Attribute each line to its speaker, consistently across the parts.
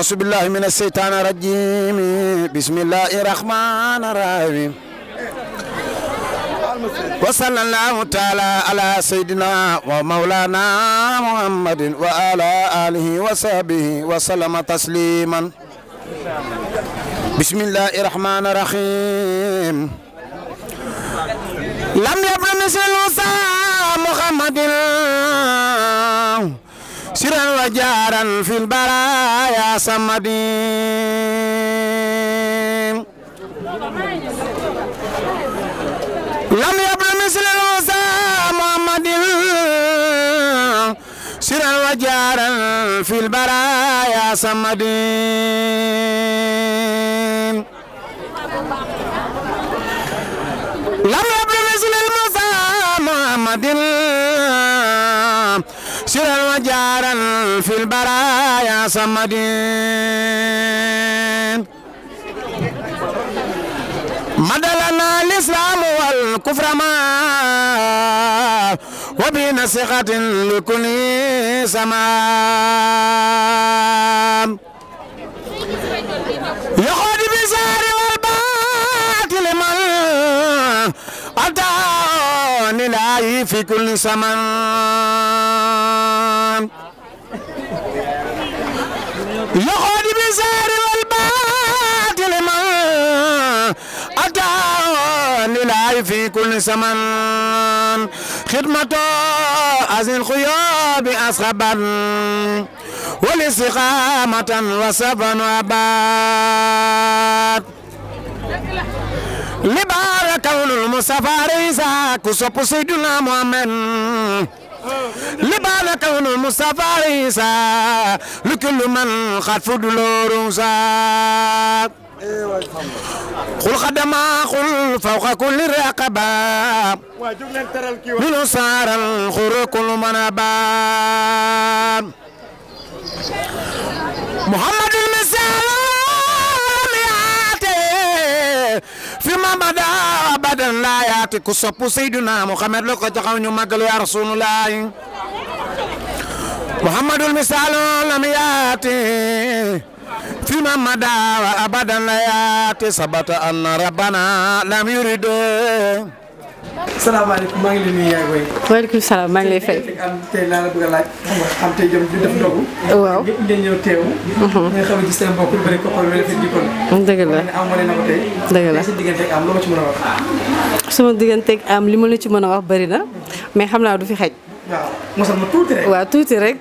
Speaker 1: أعوذ بالله من الشيطان الرجيم بسم الله الرحمن الرحيم وصلى الله تعالى على سيدنا ومولانا محمد وعلى آله وصحبه وسلم تسليما بسم الله الرحمن الرحيم لم يبلغ مثل محمد سرا وجارا في البرايا صمدين لم يبن مثل الموسى محمد سرا وجارا في البرايا صمدين لم يبن مثل الموسى محمد سرا وجارا في البرايا صمدين مدلنا الإسلام والكفر ما وبنصيحة لكل سمام الله في كل زمان يخرج بزار والباطل من أتى لله في كل زمان خدمته أزن الخيوب أصحبا والاستقامة وسبا وبات li baara kawnul Mustafa Reysa ku sopp Seydina Muhammad li baara kawnul Mustafa Reysa lu kullu man xat fu du looru saa xul xadama xul fawqa kulli raqaba minu saaral xuru kul mën a baam Muhammadul misaal faati ku sopp Seydina Muhammad la ko taxaw ñu màggal yaa Rasulullah Muhammadul misaalu lam yaati fi ma madaa wa abadan la yaati sabata anna rabbana lam yuridu
Speaker 2: salaamaaleykum maa ngi
Speaker 3: lay salaam maa ngi lay fay.
Speaker 2: am tey waaw mhm. dëgg
Speaker 3: la dëgg la sa diggante am ma ci am li ma la ci mën a wax bëri na mais xam naa du fi xaj. waaw mosal ma tuuti rek.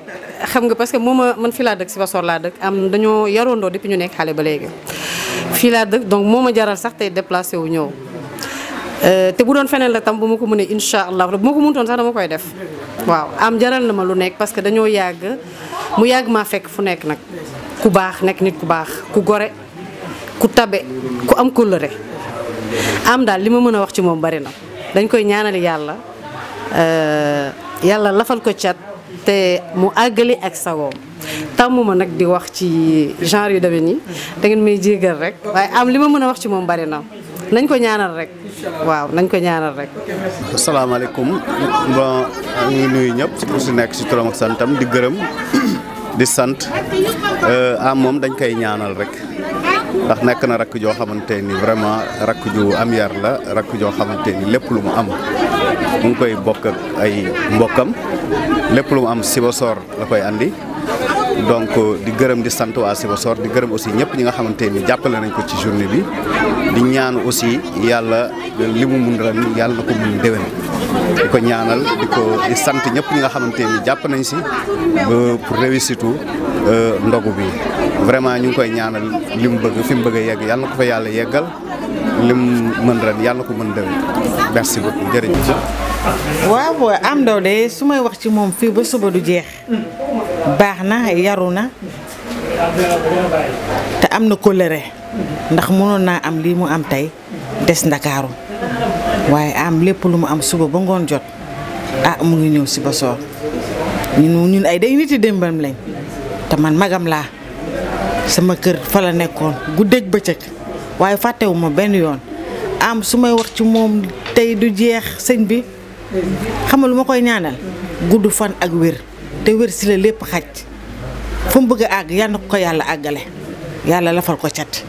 Speaker 3: xam nga parce que ma man fi laa dëkk si Basor laa dëkk am dañoo yaroondoo depuis ñu nekk xale ba léegi fii laa dëkk donc moo ma jaral sax tey déplacé wu ñëw Euh, te bu doon feneen la tam bu ma ko mënee incha allah bu ma ko mëntoon sax dama koy def waaw am jaral na ma lu nekk parce que dañoo yàgg mu yàgg maa fekk fu nekk nag ku baax nekk nit ku baax ku gore ku tabe ku am kóllëre am daal li ma mën a wax ci moom bari na dañ koy ñaanal yàlla euh, yàlla lafal ko cat te mu àggali ak sagoom tàmm ma nag di wax ci genre yu demee nii da ngeen may jégal rek waaye am li ma mën a wax ci moom bari na nañ ko ñaanal rek waaw nañ ko ñaanal rek.
Speaker 4: asalaamaaleykum bon ñu ngi ñëpp ku si nekk si turam ak santam di gërëm di sant euh, am ah, moom dañ koy ñaanal rek. ndax nekk na rakk joo xamante ni vraiment rakk ju am yar la rakk joo xamante ni lépp lu mu am mu ngi koy bokk ak ay mbokkam lépp lu mu am Sibassor la koy andi. donc di gërëm di sant waa Sibassor di gërëm aussi ñëpp ñi nga xamante ni jàppale nañ ko ci journée bi di ñaan aussi yàlla li mu mun ren yàlla na ko mun déwén di ko ñaanal di ko di sant ñëpp ñi nga xamante ni jàpp nañ si
Speaker 3: ba
Speaker 4: pour réussir tout euh, ndogu bi vraiment ñu ngi koy ñaanal li mu bëgg fi mu bëgg a yegg yàlla na ko fa yàlla yeggal li mu mën ren yàlla na ko mën déwén merci beaucoup jërëjëf
Speaker 3: waaw booy am ndaw de su may wax ci moom fii ba suba du jeex baax na yaru na te am na kóllëre ndax mënoon naa am lii mu am tey des ndakaaru waaye am lépp lu mu am suba ba ngoon jot ah mu ngi ñëw si ba soor ñun ay day nit yi démbam lañ te man magam laa sama kër fa la nekkoon guddeeg bëccëg waaye fàttewuma benn yoon am su may wax ci moom tey du jeex sëñ bi xam lu ma koy ñaanal gudd fan ak wér te wér si la lépp xaj fa mu bëgg àgg yal na ko yàlla àggale yàlla lafal ko cat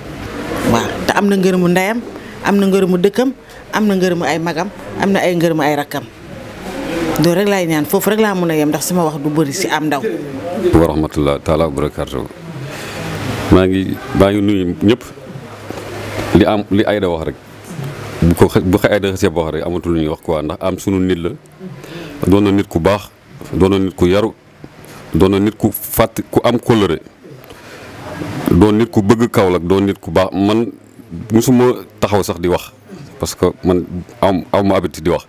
Speaker 3: waaw te am na ngërëmu ndeyam am na ngërëmu dëkkam am na ngërëmu ay magam am na ay ngërëmu ay rakkam doo rek laay ñaan foofu rek laa mën a yem ndax sama wax du bëri si am ndaw.
Speaker 5: wa rahmatulah ngi maa ngi nuyu ñëpp li am li Aida wax rek. bu ko xe bu xëy da xasee boo rek amatul lu ñuy wax quoi ndax am sunu nit la doon na nit ku baax doon na nit ku yaru doon na nit ku fàtt ku am kóllëre doon nit ku bëgg Kaolack doon nit ku baax man musuma taxaw sax di wax parce que man am aw ma di wax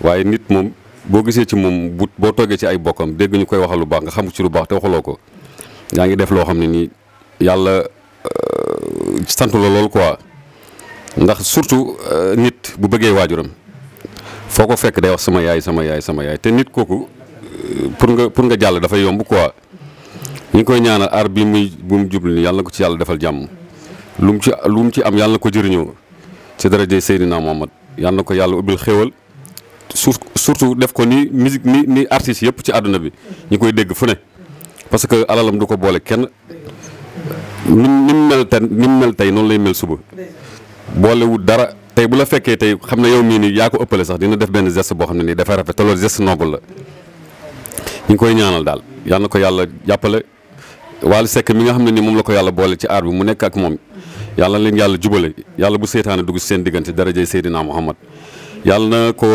Speaker 5: waaye nit moom boo gisee ci moom bu boo toogee ci ay bokkam dégg ñu koy waxal lu baax nga xamu ci lu baax te waxaloo ko yaa ngi def loo xam ne nii yàlla euh, sant la lool quoi. ndax surtout euh, nit bu bëggee waajuram foo ko fekk day wax sama yaay sama yaay sama yaay te nit kooku euh, pour nga pour nga jàll dafa yomb quoi ñu ngi koy ñaanal aar bi muy bu jubli ni yàlla ko ci yàlla defal jàmm lu mu ci lu mu ci am yàlla na ko jëriñoo ci daraje Seydina Muhammad yàlla na ko yàlla ubbil xéewal surtout def ko ni musique ni ni artistes yëpp ci àdduna bi ñu koy dégg fu ne parce que alalam du ko boole kenn ni mu mel tey ni mu mel tey noonu lay mel suba boolewut dara tey bu la fekkee tey xam na yow mii nii yaa ko ëppale sax dina def benn gest boo xam ne nii dafay rafet te loolu geste noble la ñu ngi koy ñaanal daal yàlla na ko yàlla jàppale Wally sekk mi nga xam ne nii moom la ko yàlla boole ci aar bi mu nekk ak moom yàlla leen yàlla jubale yàlla bu seytaane dugg seen diggante darajay Seydina Muhammad yàlla na ko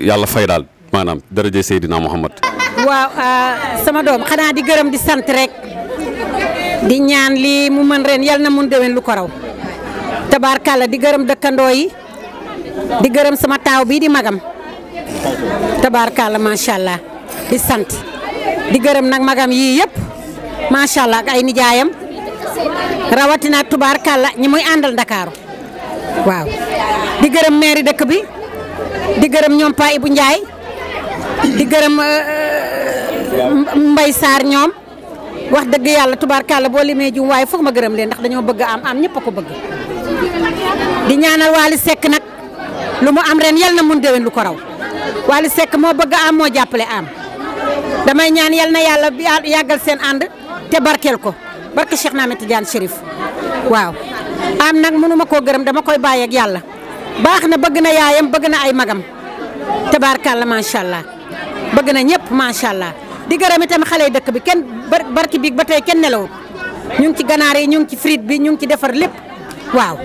Speaker 5: yàlla fay daal maanaam darajay Seydina Muhammad
Speaker 3: waaw ah, sama doom xanaa di gërëm di sant mu mën lu ko raw tabaarkàlla di gërëm dëkkandoo yi di gërëm sama taaw bii di magam tabaarkàlla macha allah di sant di gërëm nag magam yii yëpp macha ay nijaayam rawatina tubaarkàlla ñi muy àndal ndakaaru waaw di gërëm maire dëkk bi di gërëm ñoom Pa Ibu Njaay di gërëm euh, euh, Mbay Saar ñoom wax dëgg yàlla tubaarkàlla boo limee jum waaye foog ma gërëm leen ndax dañoo bëgg am am ñëpp a ko bëgg di ñaanal Waly Seck nag lu mu am ren yal na mun déwén lu ko raw Waly sekk moo bëgg am moo jàppale am damay ñaan yal na yàlla yàggal seen ànd te barkeel ko barke Cheikh Ahmed Tidiane Chérif waaw am nag mënuma koo gërëm dama koy bàyyeek yàlla baax na bëgg na yaayam bëgg na ay magam te tabaarkàlla macha allah bëgg na ñëpp macha allah di gërëm itam xale dëkk bi kenn barki biig ba tey kenn nelawul ñu ngi ci ganaar yi ñu ngi ci frite bi ñu ngi ci defar lépp. waaw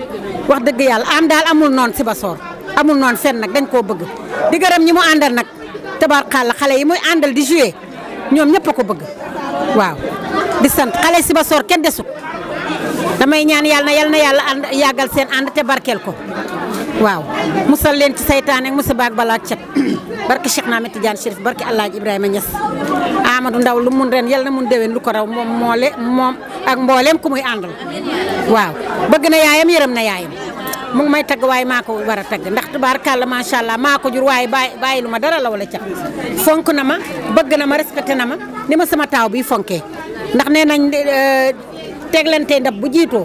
Speaker 3: wax dëgg yàlla am daal amul noonu Sibassor amul noonu seen nag dañ koo bëgg di gërëm ñi mu àndal nag tabarkàlla xale yi muy àndal di jouer ñoom ñëpp a ko bëgg waaw di sant xale Sibassor kenn desut damay ñaan yàlla na yàlla na yàlla ànd yàggal seen ànd te barkeel ko waaw musal leen ci saytaan ak musa baag balaa cet barke Cheikh Naama Tidiane Chérif barke Alaaji Ibrahima Niass Amadou Ndaw lu mun ren yal na mun dewen lu ko raw moom moole moom ak mbooleem ku muy àndal waaw bëgg na yaayam yërëm na yaayam mu ngi may tagg waaye maa ko war a tagg ndax tubaarkàlla macha allah maako jur waaye bàyyi bàyyi lu ma dara la wala cat fonk na ma bëgg na ma respecté na ma ni ma sama taaw bi fonkee ndax nee nañ eh, teglante ndab bu jiitoo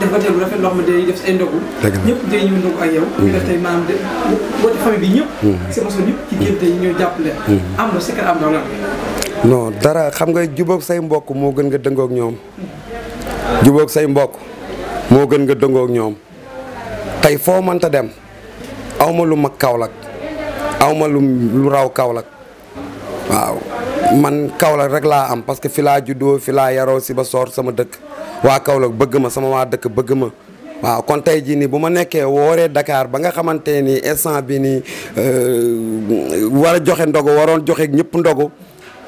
Speaker 2: def xam mm.
Speaker 4: mm. dara xam nga jubóog say mbokk moo gën nga dëngoog ñoom jubóog say mbokk moo gën nga dëngoog ñoom tey foo mënta dem awma lu mag Kaolack awma lu lu raw Kaolack waaw man Kaolack rek laa am parce que fi laa juddoo fi laa yaroo si ba soor sama dëkk waa Kaolack bëgg ma sama waa dëkk bëgg ma waaw kon tey jii nii bu ma nekkee wooree Dakar ba nga xamante ni instant bi nii euh, war a joxe ndogu waroon joxeeg ñëpp ndogu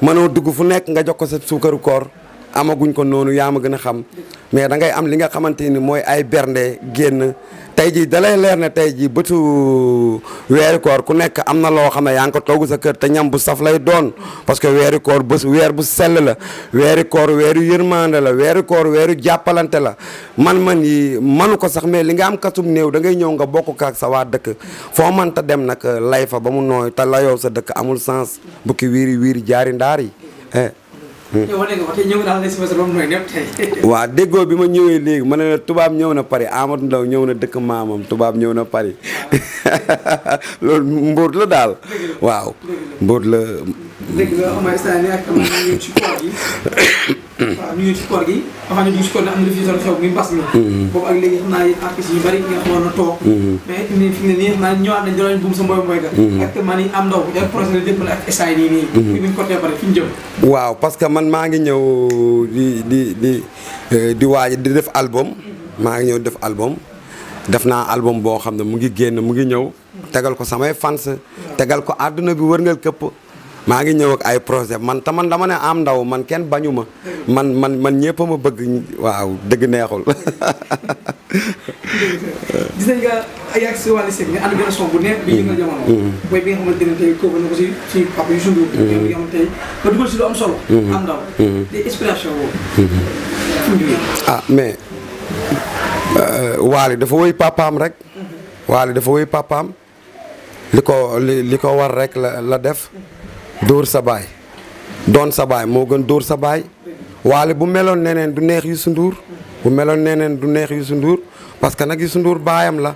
Speaker 4: mënoo dugg fu nekk nga jox ko sa suukaru koor amaguñ ko noonu yaa ma gën a xam mais da ngay am li nga xamante ni mooy ay bernde génn tey jii da lay leer ne tey jii bëtu weeri koor ku nekk am na loo xam ne yaa ngi ko togg sa kër te ñam bu saf lay doon parce que weeri koor bés weer bu sell la weeri koor weeru yërmande la weeri koor weeru jàppalante la man-man yi manu ko sax mais li nga am kasum néew da ngay ñëw nga bokk ak sa waa dëkk foo mën ta dem nag lay fa ba mu nooy te layoo sa dëkk amul sens bukki wiiri wiiri jaari ndaar yi Hmm. waaw déggoo bi ma ñëwee léegi ma ne la tubaab ñëw na Paris Amadou Ndaw ñëw na dëkk maamam tubaab ñëw na Paris loolu la daal waaw mbóot la waaw parce que man maa ngi ñëw di di di euh, di def album mm-hmm. maa ngi ñëw def album def naa album boo xam ne mu ngi génn mu ngi ñëw mm-hmm. tegal ko samay fans tegal ko àdduna bi wërngal këpp maa ngi ñëw ak ay projet man te man dama ne am ndaw man kenn bañu ma man man man ñëpp ma bëgg waaw dëgg neexul. gis nañ nga ah mais euh, Waly dafa woy papaam rek. Mm-hmm. Waly dafa woy papaam. li ko li li ko war rek la la def. dóor sa baay doon sa baay moo gën dóor sa baay waale bu meloon neneen du neex Youssou Ndour bu meloon neneen du neex Youssou Ndour parce que nag Youssou Ndour baayam la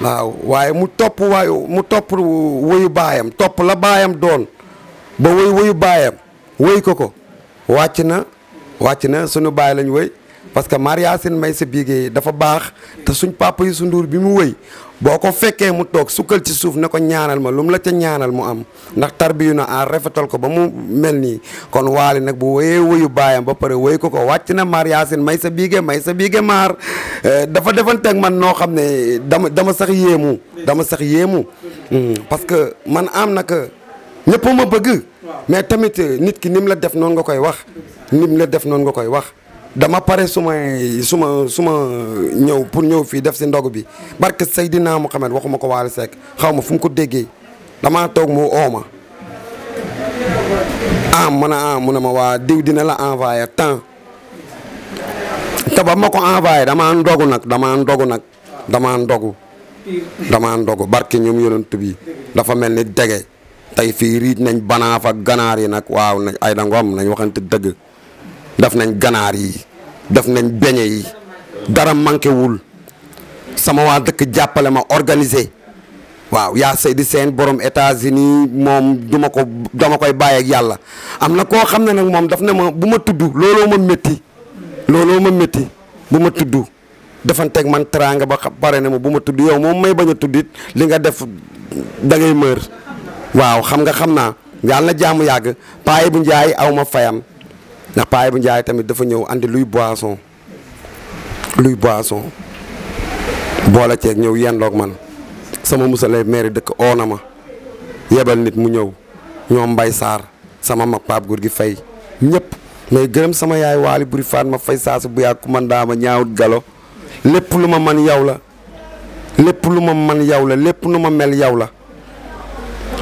Speaker 4: waaw waaye mu topp waayu mu topp woyu baayam topp la baayam doon ba woy woyu baayam woy ko ko wàcc na wàcc na sunu baay lañu woy parce que Maria Sine may sa bigéey dafa baax te suñ papa Youssou Ndour bi mu wëy boo ko fekkee mu toog sukkal ci suuf ne ko ñaanal ma lum la ca ñaanal mu am ndax tarbiyu na a rafetal ko ba mu mel ni kon waali nag bu wëyee wëyu baayam ba pare wëy ko ko wàcc na Maria Sine may sa bigéey may sa bigéey maar eh, dafa defanteeg man noo xam ne dama dama sax yéemu dama sax yéemu hmm, parce que man am na que ñëpp ma bëgg mais tamit nit ki ni la def noonu nga koy wax ni mu la def noonu nga koy wax dama pare suma suma su ma su ma ñëw pour ñëw fii def si ndogu bi barke Seydina Mouhamed waxuma ko Waly Seck xaw ma fu mu ko déggee damaa toog mu oo ma am ah, mën ah, mu ne ma waa diw dina la envoyé temps te ba ma ko envoyé damaa ndogu nag damaa ndogu nag damaa ndogu damaa ndogu barke ñoom yonent bi dafa mel ni dege tey fii riit nañ banaaf ak ganaar yi nag waaw ay da ngoom nañ waxante dëgg def nañ ganaar yi def nañ beñe yi dara manqué wul sama waa dëkk jàppale ma organiser waaw yaa Seydi seen borom États-Unis moom duma ko dama koy bàyyi ak yàlla am na koo xam ne nag moom daf na ma bu ma tudd looloo ma métti looloo ma métti bu ma tudd dafanteeg man teraanga ba pare ne ma bu ma tudd yow moom may bañ a tudd li nga def da ngay mër waaw xam nga xam naa yàlla na jaamu yàgg paaye bu njaay aw ma fayam ndax paaye bu njaay tamit dafa ñëw andi luy boisson luy boisson boole ceeg ñëw yendoog man sama musale maire dëkk oona ma yebal nit mu ñëw ñoo mbay saar sama mag paap gi fay ñëpp may gërëm sama yaay waali buri faat ma fay saa bu yàgg ku man daama ñaawut galo lépp lu ma man yow la lépp lu ma man yow la lépp lu ma mel yow la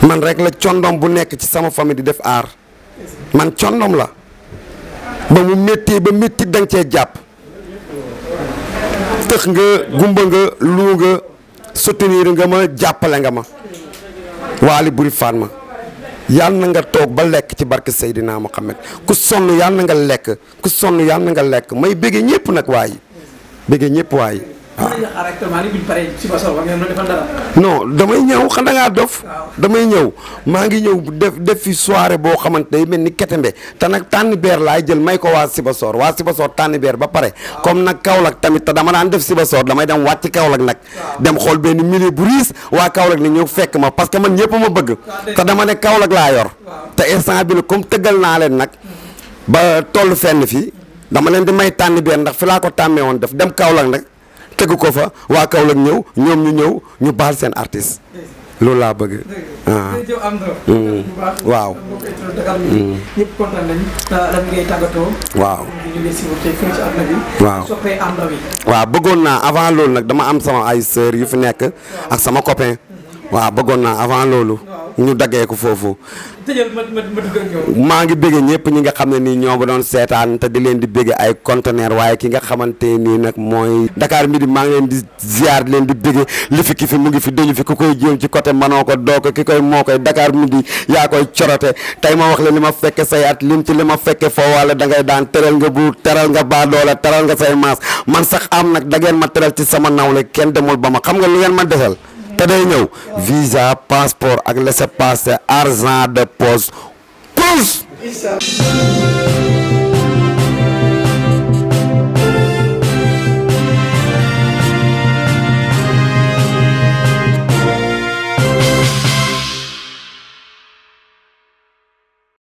Speaker 4: man rek la condom bu nekk ci sama famille di def aar man condom la ba mu méttee ba métti danga cee jàpp tëx nga gumba nga luu nga soutenir nga ma jàppale nga ma waali buri faan ma yàlla na nga toog ba lekk ci barke xam Muhammad ku sonn yàlla nga lekk ku sonn yàlla na nga lekk may bëggee ñëpp nag waaye bëggee ñëpp waaye non damay ñëw xam na ngaa dof damay ñëw maa ngi ñëw def def fi soirée boo xamante day mel ni ketembe te nag tànn beer laa jël may ko waa Sibassor waa Sibassor tànn beer ba pare comme nag Kaolack tamit te dama daan def Sibassor damay dem wàcc Kaolack nag dem xool benn milieu bu riis waa Kaolack ni ñëw fekk ma parce que man ñëpp ma bëgg te dama ne Kaolack laa yor te instant bi ne comme tëggal naa leen nag ba toll fenn fii dama leen di may tànn beer ndax fi laa ko tàmmee woon def dem Kaolack nag tegu ko fa waa Kaolack ñëw ñoom ñu ñëw ñu baal seen artiste loolu laa bëgg. Ah. Mm. waaw. Mm. waaw. waaw. waaw bëggoon naa avant loolu nag dama am sama ay sœur yu fi nekk ak sama copain. waaw bëggoon naa avant loolu. ñu daggee ko foofu. maa ngi bëgg ñëpp ñi nga xam ne nii ñoo ba doon seetaan te di leen di bëgg ay conteneur waaye ki nga xamante nii nag mooy. Dakar midi maa ngi leen di ziar leen di bëgg li fi fi mu ngi fi dañu fi ku koy ci côté manoo ko doo ko ki moo koy Dakar midi yaa koy corote tey ma wax la li ma fekke say at lim ci li ma fekke foo wala da daan teral nga buur teral nga baa doola teral nga say maas man sax am nag da ngeen ma teral ci sama nawle kenn demul ba ma xam nga li ngeen ma desal. te day ñëw visa passeport ak laissez-passer argent de poche pousse